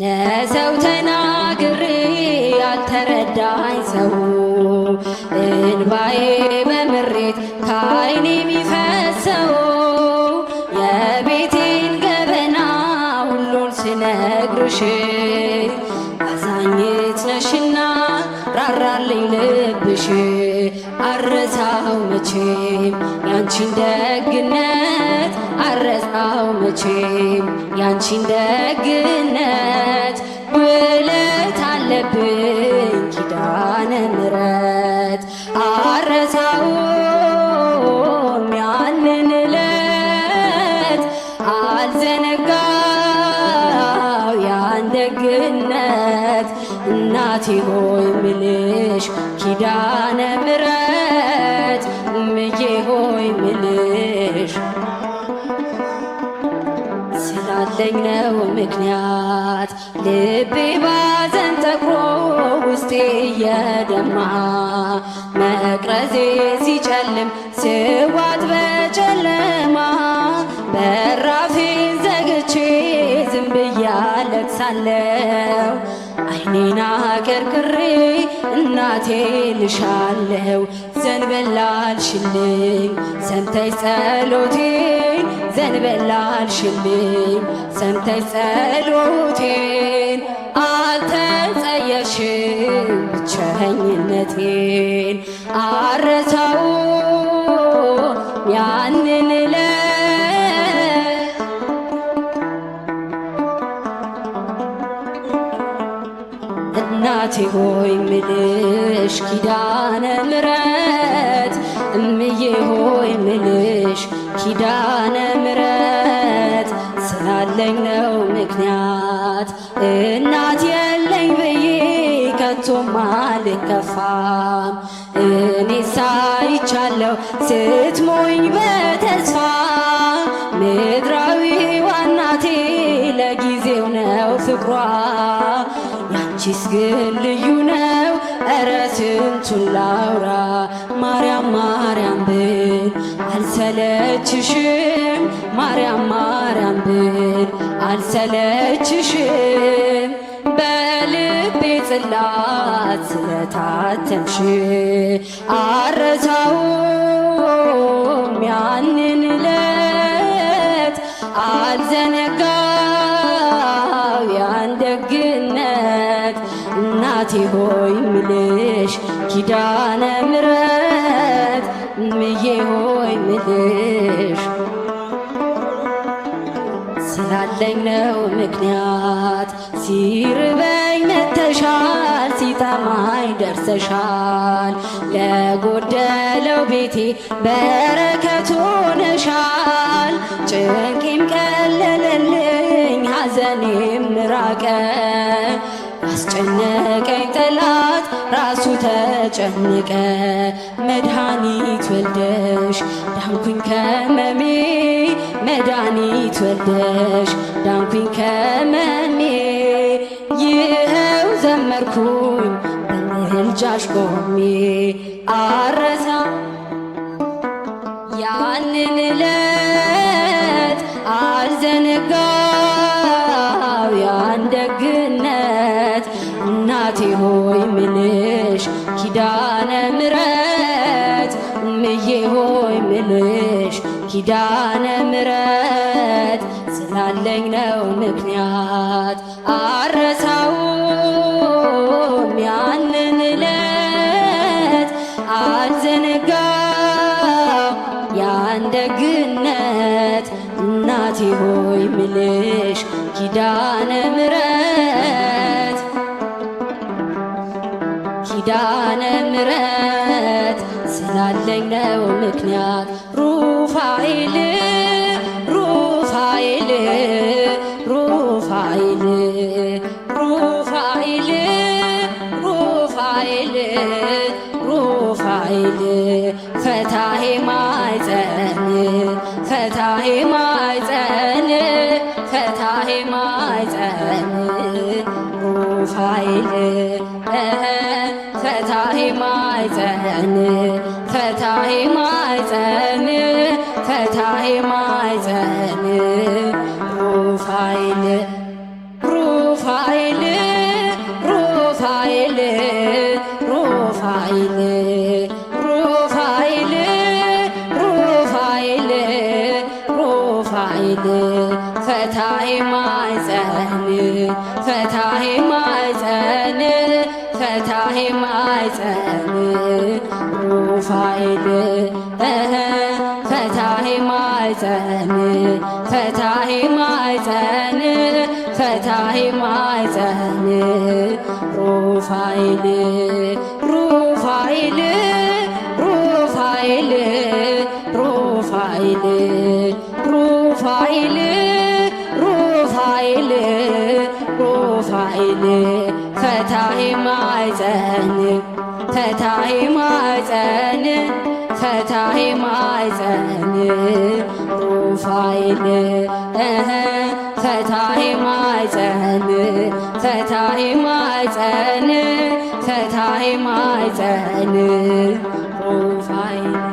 ለሰው ተናግሬ ያልተረዳኝ ሰው እንባዬ በምሬት ከዓይኔ የሚፈሰው የቤቴን ገበና ሁሉን ስነግርሽ አዛኝት ነሽና ራራልኝ ልብሽ አረሳው መቼም ያንቺን ደግነት አረሳው መቼም ያንቺን ደግነት ውለት አለብኝ ኪዳነ ምሕረት ቸርነት እናቴ ሆይ ምልሽ ኪዳነ ምሕረት እምዬ ሆይ ምልሽ ስላለኝ ነው ምክንያት ልቤ ባዘን ጠቁሮ ውስጤ እየደማ መቅረዜ ሲጨልም ስዋት አለው አይኔና ከርክሬ እናቴ ልሻለው ዘንበላልሽልኝ ሰምተይ ጸሎቴን ዘንበላልሽልኝ ሰምተይ ጸሎቴን አልተጸየሽም ብቸኝነቴን አረሳው እናቴ ሆይ ምልሽ ኪዳነ ምሕረት እምዬ ሆይ ምልሽ ኪዳነ ምሕረት ስላለኝ ነው ምክንያት እናት የለኝ ብዬ ከቶም አልከፋም። እኔ ሳይቻለው ስትሞኝ በተስፋ ምድራዊ ዋናቴ ለጊዜው ነው ፍቅሯ አዲስ ግን ልዩ ነው። እረ ስንቱን ላውራ ማርያም ማርያም ብል አልሰለችሽም። ማርያም ማርያም ብል አልሰለችሽም። በልቤ ጽላት ስለታተምሽ አረሳውም ያንን ዕለት አልዘነጋው ያን እናቴ ሆይ ምልሽ ኪዳነ ምሕረት ምዬ ሆይ ምልሽ ስላለኝ ነው ምክንያት ሲርበኝ ነተሻል ሲጠማኝ ደርሰሻል ለጎደለው ቤቴ በረከት ሆነሻል ጭንቄም ቀለለልኝ ሐዘኔም ራቀ ላስጨነቀኝ ጠላት ራሱ ተጨነቀ። መድኃኒት ወልደሽ ዳንኩኝ ከመሜ መድኃኒት ወልደሽ ዳንኩኝ ከመሜ ይኸው ዘመርኩኝ በምልጃሽ ቆሜ አረሳ ያንን እለት አልዘነጋ እትዬ ሆይ ምልሽ ኪዳነ ምሕረት ስላለኝ ነው ምክንያት አረሳውም ያንን ዕለት አልዘነጋም ያን ደግነት እናቴ ሆይ ምልሽ ኪዳነ ምሕረት ኪዳነ ምሕረት ስላለኝ ነው ምክንያት ሩፋኤል ሩፋኤል ሩፋኤል ሩፋኤል ሩፋኤል ሩፋኤል ፈታሄ ማይጸን ፈታሄ ማይፀን ፈታሄ ማይፀን ፈታሄ ማይፀን ሩፋኤል ሩፋኤል ሩፋኤል ሩፋኤል ማይፀን ፈታሄ ማይፀን ፈታሄ ማይፀን ሩፋኤል ፈታሄ ማይፀን ፈታሄ ማይፀን ፈታሄ ማይፀን ሩፋኤል ሩፋኤል ሩፋኤል ሩፋኤል ሩፋኤል ሩፋኤል ሩፋኤል ፈታሄ ማይፀን ፈታሄ ማይፀን ፈታሄ ማይፀን ሩፋኤል ፈታሄ ማይፀን ፈታሄ ማይፀን ፈታሄ ማይፀን ሩፋኤል